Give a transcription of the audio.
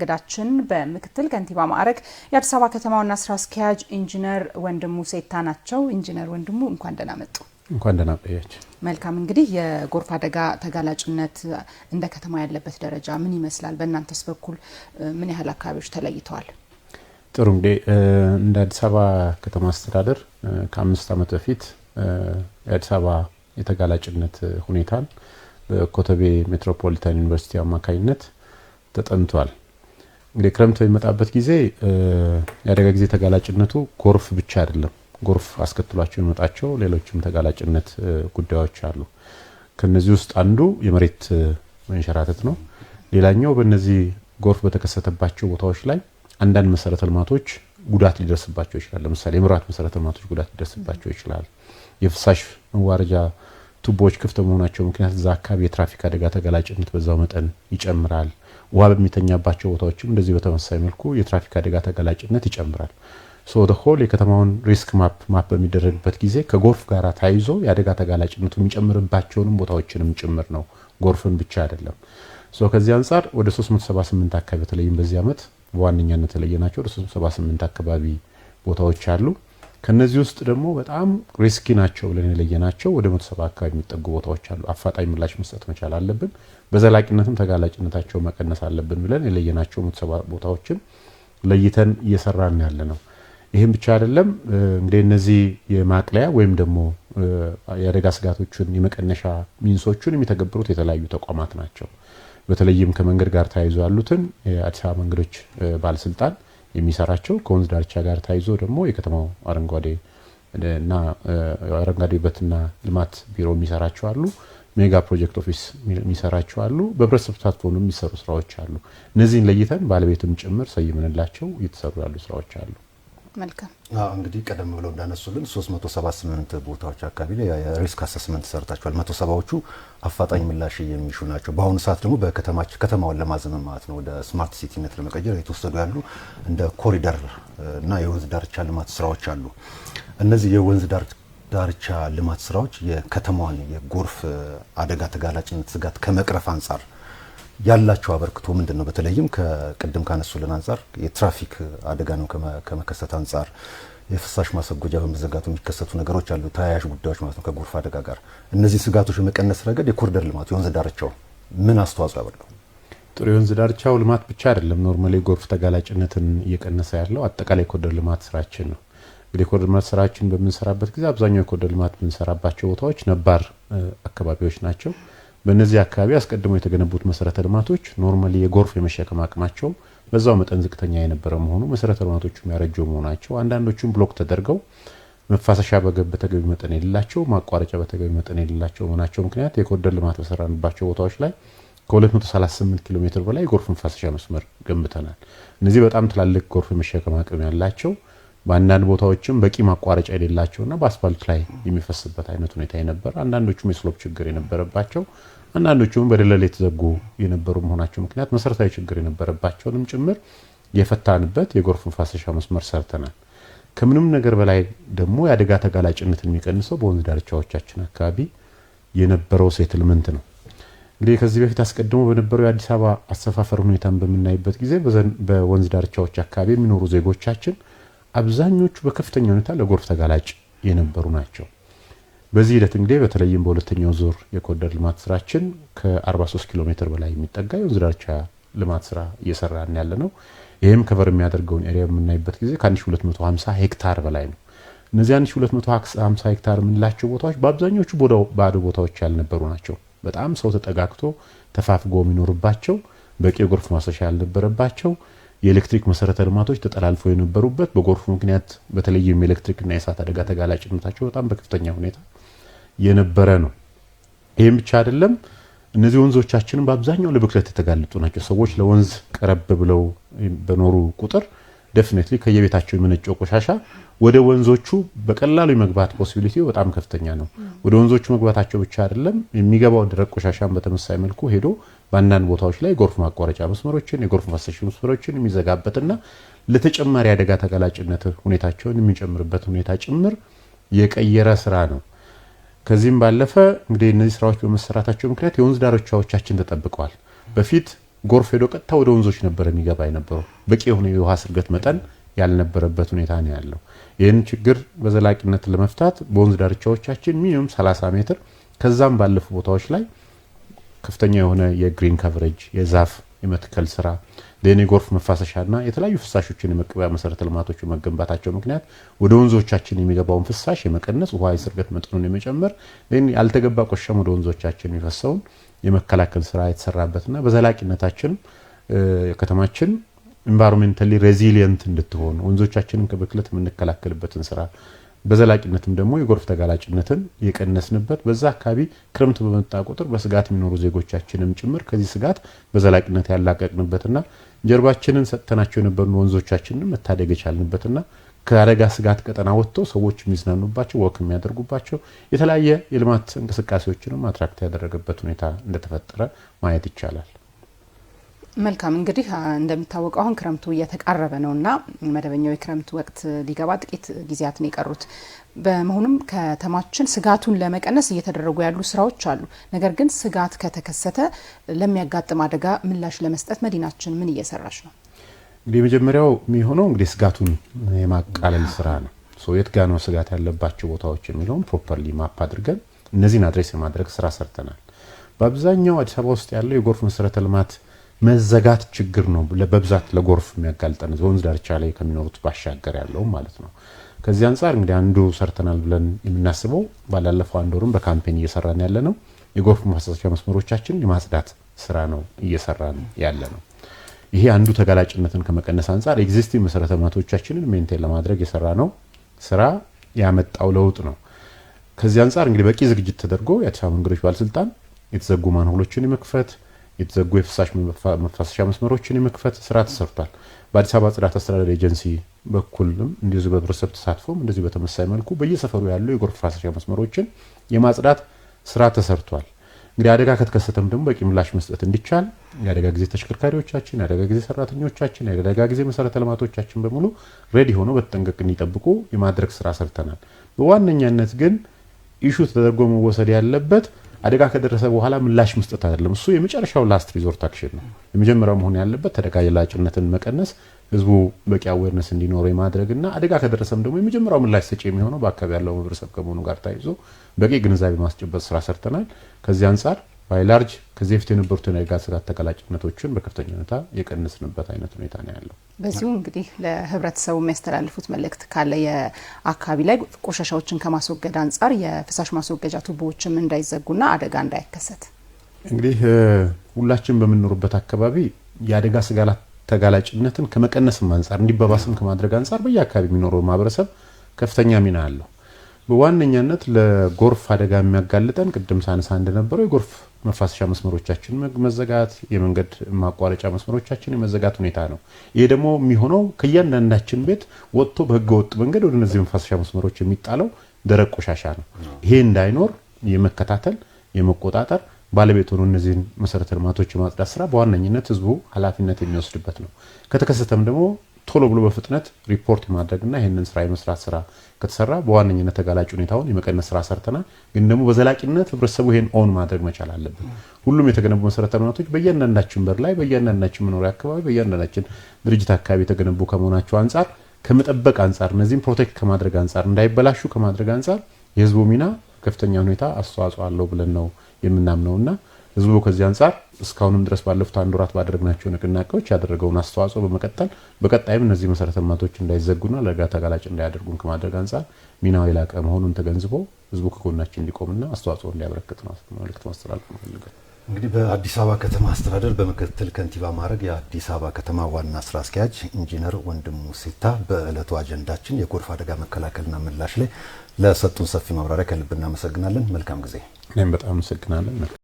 እንግዳችን በምክትል ከንቲባ ማዕረግ የአዲስ አበባ ከተማ ስራ አስኪያጅ ኢንጂነር ወንድሙ ሴታ ናቸው። ኢንጂነር ወንድሙ እንኳን ደህና መጡ። እንኳን ደህና ቆያችሁ። መልካም እንግዲህ የጎርፍ አደጋ ተጋላጭነት እንደ ከተማ ያለበት ደረጃ ምን ይመስላል? በእናንተስ በኩል ምን ያህል አካባቢዎች ተለይተዋል? ጥሩ እንግዲህ እንደ አዲስ አበባ ከተማ አስተዳደር ከአምስት ዓመት በፊት የአዲስ አበባ የተጋላጭነት ሁኔታን በኮተቤ ሜትሮፖሊታን ዩኒቨርሲቲ አማካኝነት ተጠንቷል። እንግዲህ ክረምት በሚመጣበት ጊዜ የአደጋ ጊዜ ተጋላጭነቱ ጎርፍ ብቻ አይደለም። ጎርፍ አስከትሏቸው የሚመጣቸው ሌሎችም ተጋላጭነት ጉዳዮች አሉ። ከነዚህ ውስጥ አንዱ የመሬት መንሸራተት ነው። ሌላኛው በእነዚህ ጎርፍ በተከሰተባቸው ቦታዎች ላይ አንዳንድ መሰረተ ልማቶች ጉዳት ሊደርስባቸው ይችላል። ለምሳሌ የመብራት መሰረተ ልማቶች ጉዳት ሊደርስባቸው ይችላል። የፍሳሽ መዋረጃ ቱቦዎች ክፍት በመሆናቸው ምክንያት እዛ አካባቢ የትራፊክ አደጋ ተጋላጭነት በዛው መጠን ይጨምራል። ውሃ በሚተኛባቸው ቦታዎችም እንደዚህ በተመሳሳይ መልኩ የትራፊክ አደጋ ተጋላጭነት ይጨምራል። ሆል የከተማውን ሪስክ ማፕ ማፕ በሚደረግበት ጊዜ ከጎርፍ ጋር ተያይዞ የአደጋ ተጋላጭነቱ የሚጨምርባቸውንም ቦታዎችንም ጭምር ነው። ጎርፍን ብቻ አይደለም። ከዚህ አንጻር ወደ 378 አካባቢ በተለይም በዚህ ዓመት በዋነኛነት የተለየ ናቸው። ወደ 378 አካባቢ ቦታዎች አሉ። ከነዚህ ውስጥ ደግሞ በጣም ሪስኪ ናቸው ብለን የለየናቸው ወደ መቶ ሰባ አካባቢ የሚጠጉ ቦታዎች አሉ። አፋጣኝ ምላሽ መስጠት መቻል አለብን። በዘላቂነትም ተጋላጭነታቸው መቀነስ አለብን ብለን የለየናቸው መቶ ሰባ ቦታዎችን ለይተን እየሰራን ያለ ነው። ይህም ብቻ አይደለም እንግዲህ እነዚህ የማቅለያ ወይም ደግሞ የአደጋ ስጋቶችን የመቀነሻ ሚንሶቹን የሚተገብሩት የተለያዩ ተቋማት ናቸው። በተለይም ከመንገድ ጋር ተያይዞ ያሉትን የአዲስ አበባ መንገዶች ባለስልጣን የሚሰራቸው ከወንዝ ዳርቻ ጋር ታይዞ ደግሞ የከተማው አረንጓዴ እና አረንጓዴ ውበትና ልማት ቢሮ የሚሰራቸው አሉ። ሜጋ ፕሮጀክት ኦፊስ የሚሰራቸው አሉ። በህብረተሰብ ተሳትፎ የሚሰሩ ስራዎች አሉ። እነዚህን ለይተን ባለቤትም ጭምር ሰይምንላቸው እየተሰሩ ያሉ ስራዎች አሉ። መልካም እንግዲህ ቀደም ብለው እንዳነሱልን 378 ቦታዎች አካባቢ ላይ የሪስክ አሰስመንት ሰርታችኋል። መቶ ሰባዎቹ አፋጣኝ ምላሽ የሚሹ ናቸው። በአሁኑ ሰዓት ደግሞ ከተማዋን ለማዘመን ማለት ነው ወደ ስማርት ሲቲነት ለመቀየር የተወሰዱ ያሉ እንደ ኮሪደር እና የወንዝ ዳርቻ ልማት ስራዎች አሉ። እነዚህ የወንዝ ዳርቻ ልማት ስራዎች የከተማዋን የጎርፍ አደጋ ተጋላጭነት ስጋት ከመቅረፍ አንጻር ያላቸው አበርክቶ ምንድን ነው? በተለይም ከቅድም ካነሱልን አንጻር የትራፊክ ነው ከመከሰት አንጻር የፍሳሽ ማሰጎጃ በመዘጋቱ የሚከሰቱ ነገሮች አሉ፣ ተያያዥ ጉዳዮች ማለት ነው ከጎርፍ አደጋ ጋር። እነዚህ ስጋቶች በመቀነስ ረገድ የኮሪደር ልማት የወንዝ ዳርቻው ምን አስተዋጽኦ ያበርለው? ጥሩ የወንዝ ዳርቻው ልማት ብቻ አይደለም ኖርማሊ የጎርፍ ተጋላጭነትን እየቀነሰ ያለው አጠቃላይ የኮሪደር ልማት ስራችን ነው። እንግዲህ የኮሪደር ልማት ስራችን በምንሰራበት ጊዜ አብዛኛው የኮሪደር ልማት የምንሰራባቸው ቦታዎች ነባር አካባቢዎች ናቸው። በእነዚህ አካባቢ አስቀድሞ የተገነቡት መሰረተ ልማቶች ኖርማሊ የጎርፍ የመሸከም አቅማቸው በዛው መጠን ዝቅተኛ የነበረ መሆኑ መሰረተ ልማቶቹ ያረጁ መሆናቸው አንዳንዶቹም ብሎክ ተደርገው መፋሰሻ በተገቢ መጠን የሌላቸው ማቋረጫ በተገቢ መጠን የሌላቸው መሆናቸው ምክንያት የኮሪደር ልማት በሰራንባቸው ቦታዎች ላይ ከ238 ኪሎ ሜትር በላይ የጎርፍ መፋሰሻ መስመር ገንብተናል። እነዚህ በጣም ትላልቅ ጎርፍ የመሸከም አቅም ያላቸው በአንዳንድ ቦታዎችም በቂ ማቋረጫ የሌላቸውና በአስፋልት ላይ የሚፈስበት አይነት ሁኔታ የነበረ አንዳንዶቹም የስሎፕ ችግር የነበረባቸው አንዳንዶቹም በደለል የተዘጉ የነበሩ መሆናቸው ምክንያት መሰረታዊ ችግር የነበረባቸውንም ጭምር የፈታንበት የጎርፍ መፋሰሻ መስመር ሰርተናል። ከምንም ነገር በላይ ደግሞ የአደጋ ተጋላጭነትን የሚቀንሰው በወንዝ ዳርቻዎቻችን አካባቢ የነበረው ሴትልመንት ነው። እንግዲህ ከዚህ በፊት አስቀድሞ በነበረው የአዲስ አበባ አሰፋፈር ሁኔታን በምናይበት ጊዜ በወንዝ ዳርቻዎች አካባቢ የሚኖሩ ዜጎቻችን አብዛኞቹ በከፍተኛ ሁኔታ ለጎርፍ ተጋላጭ የነበሩ ናቸው። በዚህ ሂደት እንግዲህ በተለይም በሁለተኛው ዙር የኮሪደር ልማት ስራችን ከ43 ኪሎ ሜትር በላይ የሚጠጋ የወንዝ ዳርቻ ልማት ስራ እየሰራን ያለ ነው። ይህም ከቨር የሚያደርገውን ኤሪያ በምናይበት ጊዜ ከ1250 ሄክታር በላይ ነው። እነዚህ 1250 ሄክታር የምንላቸው ቦታዎች በአብዛኞቹ ባዶ ቦታዎች ያልነበሩ ናቸው። በጣም ሰው ተጠጋግቶ ተፋፍጎ የሚኖርባቸው፣ በቂ የጎርፍ ማሰሻ ያልነበረባቸው የኤሌክትሪክ መሰረተ ልማቶች ተጠላልፈው የነበሩበት በጎርፉ ምክንያት በተለይም የኤሌክትሪክና የእሳት አደጋ ተጋላጭነታቸው በጣም በከፍተኛ ሁኔታ የነበረ ነው። ይህም ብቻ አይደለም። እነዚህ ወንዞቻችንም በአብዛኛው ለብክለት የተጋለጡ ናቸው። ሰዎች ለወንዝ ቀረብ ብለው በኖሩ ቁጥር ደፍኔትሊ ከየቤታቸው የመነጨው ቆሻሻ ወደ ወንዞቹ በቀላሉ የመግባት ፖሲቢሊቲ በጣም ከፍተኛ ነው። ወደ ወንዞቹ መግባታቸው ብቻ አይደለም የሚገባው ደረቅ ቆሻሻን በተመሳሳይ መልኩ ሄዶ በአንዳንድ ቦታዎች ላይ የጎርፍ ማቋረጫ መስመሮችን፣ የጎርፍ ማሰሽ መስመሮችን የሚዘጋበትና ለተጨማሪ አደጋ ተጋላጭነት ሁኔታቸውን የሚጨምርበት ሁኔታ ጭምር የቀየረ ስራ ነው። ከዚህም ባለፈ እንግዲህ እነዚህ ስራዎች በመሰራታቸው ምክንያት የወንዝ ዳርቻዎቻችን ተጠብቀዋል። በፊት ጎርፍ ሄዶ ቀጥታ ወደ ወንዞች ነበር የሚገባ የነበረው። በቂ የሆነ የውሃ ስርገት መጠን ያልነበረበት ሁኔታ ነው ያለው። ይህን ችግር በዘላቂነት ለመፍታት በወንዝ ዳርቻዎቻችን ሚኒመም 30 ሜትር ከዛም ባለፉ ቦታዎች ላይ ከፍተኛ የሆነ የግሪን ካቨሬጅ የዛፍ የመትከል ስራ ጎርፍ መፋሰሻ መፋሰሻና የተለያዩ ፍሳሾችን የመቀበያ መሰረተ ልማቶች መገንባታቸው ምክንያት ወደ ወንዞቻችን የሚገባውን ፍሳሽ የመቀነስ ውሃ የስርገት መጠኑን የመጨመር ያልተገባ ቆሻም ወደ ወንዞቻችን የሚፈሰውን የመከላከል ስራ የተሰራበትና በዘላቂነታችን ከተማችን ኢንቫይሮንሜንታሊ ሬዚሊየንት እንድትሆን ወንዞቻችንን ከብክለት የምንከላከልበትን ስራ በዘላቂነትም ደግሞ የጎርፍ ተጋላጭነትን የቀነስንበት በዛ አካባቢ ክረምት በመጣ ቁጥር በስጋት የሚኖሩ ዜጎቻችንም ጭምር ከዚህ ስጋት በዘላቂነት ያላቀቅንበትና ጀርባችንን ሰጥተናቸው የነበሩን ወንዞቻችንን መታደግ የቻልንበትና ከአደጋ ስጋት ቀጠና ወጥተው ሰዎች የሚዝናኑባቸው ወክ የሚያደርጉባቸው የተለያየ የልማት እንቅስቃሴዎችንም አትራክት ያደረገበት ሁኔታ እንደተፈጠረ ማየት ይቻላል። መልካም እንግዲህ እንደሚታወቀው አሁን ክረምቱ እየተቃረበ እና መደበኛው የክረምት ወቅት ሊገባ ጥቂት ጊዜያት ነው የቀሩት። በመሆኑም ከተማችን ስጋቱን ለመቀነስ እየተደረጉ ያሉ ስራዎች አሉ። ነገር ግን ስጋት ከተከሰተ ለሚያጋጥም አደጋ ምላሽ ለመስጠት መዲናችን ምን እየሰራች ነው? እንግዲህ የመጀመሪያው የሚሆነው እንግዲህ ስጋቱን የማቃለል ስራ ነው። የት ጋ ነው ስጋት ያለባቸው ቦታዎች የሚለውን ፕሮፐርሊ ማፕ አድርገን እነዚህን አድሬስ የማድረግ ስራ ሰርተናል። በአብዛኛው አዲስ አበባ ውስጥ ያለው የጎርፍ መሰረተ ልማት መዘጋት ችግር ነው በብዛት ለጎርፍ የሚያጋልጠን ወንዝ ዳርቻ ላይ ከሚኖሩት ባሻገር ያለው ማለት ነው። ከዚህ አንጻር እንግዲህ አንዱ ሰርተናል ብለን የምናስበው ባላለፈው አንድ ወርም በካምፔን እየሰራን ያለ ነው የጎርፍ ማሳሰፊያ መስመሮቻችን የማጽዳት ስራ ነው እየሰራን ያለ ነው። ይሄ አንዱ ተጋላጭነትን ከመቀነስ አንጻር ኤግዚስቲንግ መሰረተ ልማቶቻችንን ሜንቴን ለማድረግ የሰራ ነው ስራ ያመጣው ለውጥ ነው። ከዚህ አንጻር እንግዲህ በቂ ዝግጅት ተደርጎ የአዲስ አበባ መንገዶች ባለስልጣን የተዘጉ ማንሆሎችን የመክፈት የተዘጉ የፍሳሽ መፋሰሻ መስመሮችን የመክፈት ስራ ተሰርቷል። በአዲስ አበባ ጽዳት አስተዳደር ኤጀንሲ በኩልም እንደዚሁ በህብረተሰብ ተሳትፎም እንደዚሁ በተመሳይ መልኩ በየሰፈሩ ያሉ የጎርፍ መፋሰሻ መስመሮችን የማጽዳት ስራ ተሰርቷል። እንግዲህ አደጋ ከተከሰተም ደግሞ በቂ ምላሽ መስጠት እንዲቻል የአደጋ ጊዜ ተሽከርካሪዎቻችን፣ የአደጋ ጊዜ ሰራተኞቻችን፣ የአደጋ ጊዜ መሰረተ ልማቶቻችን በሙሉ ሬዲ ሆነው በተጠንቀቅ እንዲጠብቁ የማድረግ ስራ ሰርተናል። በዋነኛነት ግን ኢሹ ተደርጎ መወሰድ ያለበት አደጋ ከደረሰ በኋላ ምላሽ መስጠት አይደለም። እሱ የመጨረሻው ላስት ሪዞርት አክሽን ነው። የመጀመሪያው መሆን ያለበት ተደጋላጭነትን መቀነስ፣ ህዝቡ በቂ አዌርነስ እንዲኖረው የማድረግና አደጋ ከደረሰም ደግሞ የመጀመሪያው ምላሽ ሰጪ የሚሆነው በአካባቢ ያለው ማህበረሰብ ከመሆኑ ጋር ተያይዞ በቂ ግንዛቤ ማስጨበጥ ስራ ሰርተናል። ከዚህ አንጻር ባይላርጅ ከዚህ በፊት የነበሩትን የጋዝ ስጋት ተቀላጭነቶችን በከፍተኛ ሁኔታ የቀንስንበት አይነት ሁኔታ ነው ያለው። በዚሁ እንግዲህ ለህብረተሰቡ የሚያስተላልፉት መልእክት ካለ የአካባቢ ላይ ቆሻሻዎችን ከማስወገድ አንጻር የፍሳሽ ማስወገጃ ቱቦዎችም እንዳይዘጉና አደጋ እንዳይከሰት እንግዲህ ሁላችን በምንኖርበት አካባቢ የአደጋ ስጋት ተጋላጭነትን ከመቀነስም አንጻር እንዲባባስም ከማድረግ አንጻር በየአካባቢ የሚኖረው ማህበረሰብ ከፍተኛ ሚና አለው። በዋነኛነት ለጎርፍ አደጋ የሚያጋልጠን ቅድም ሳነሳ እንደነበረው የጎርፍ መፋሰሻ መስመሮቻችን መዘጋት፣ የመንገድ ማቋረጫ መስመሮቻችን የመዘጋት ሁኔታ ነው። ይሄ ደግሞ የሚሆነው ከእያንዳንዳችን ቤት ወጥቶ በህገ ወጥ መንገድ ወደ እነዚህ መፋሰሻ መስመሮች የሚጣለው ደረቅ ቆሻሻ ነው። ይሄ እንዳይኖር የመከታተል የመቆጣጠር ባለቤት ሆኖ እነዚህን መሰረተ ልማቶች የማጽዳት ስራ በዋነኝነት ህዝቡ ኃላፊነት የሚወስድበት ነው። ከተከሰተም ደግሞ ቶሎ ብሎ በፍጥነት ሪፖርት የማድረግና ይህንን ስራ የመስራት ስራ ከተሰራ በዋነኝነት ተጋላጭ ሁኔታውን የመቀነስ ስራ ሰርተናል። ግን ደግሞ በዘላቂነት ህብረተሰቡ ይህን ኦን ማድረግ መቻል አለብን። ሁሉም የተገነቡ መሰረተ ልማቶች በእያንዳንዳችን በር ላይ፣ በእያንዳንዳችን መኖሪያ አካባቢ፣ በእያንዳንዳችን ድርጅት አካባቢ የተገነቡ ከመሆናቸው አንጻር ከመጠበቅ አንጻር እነዚህም ፕሮቴክት ከማድረግ አንጻር እንዳይበላሹ ከማድረግ አንጻር የህዝቡ ሚና ከፍተኛ ሁኔታ አስተዋጽኦ አለው ብለን ነው የምናምነውና ህዝቡ ከዚህ አንጻር እስካሁንም ድረስ ባለፉት አንድ ወራት ባደረግናቸው ንቅናቄዎች ያደረገውን አስተዋጽኦ በመቀጠል በቀጣይም እነዚህ መሰረተ ልማቶች እንዳይዘጉና ለአደጋ ተጋላጭ እንዳያደርጉን ከማድረግ አንጻር ሚናው የላቀ መሆኑን ተገንዝቦ ህዝቡ ከጎናችን እንዲቆምና አስተዋጽኦ እንዲያበረክት ነው መልእክት ማስተላለፍ ፈልጋል። እንግዲህ በአዲስ አበባ ከተማ አስተዳደር በምክትል ከንቲባ ማድረግ የአዲስ አበባ ከተማ ዋና ስራ አስኪያጅ ኢንጂነር ወንድሙ ሴታ በዕለቱ አጀንዳችን የጎርፍ አደጋ መከላከልና ምላሽ ላይ ለሰጡን ሰፊ ማብራሪያ ከልብ እናመሰግናለን። መልካም ጊዜ። እኔም በጣም አመሰግናለን።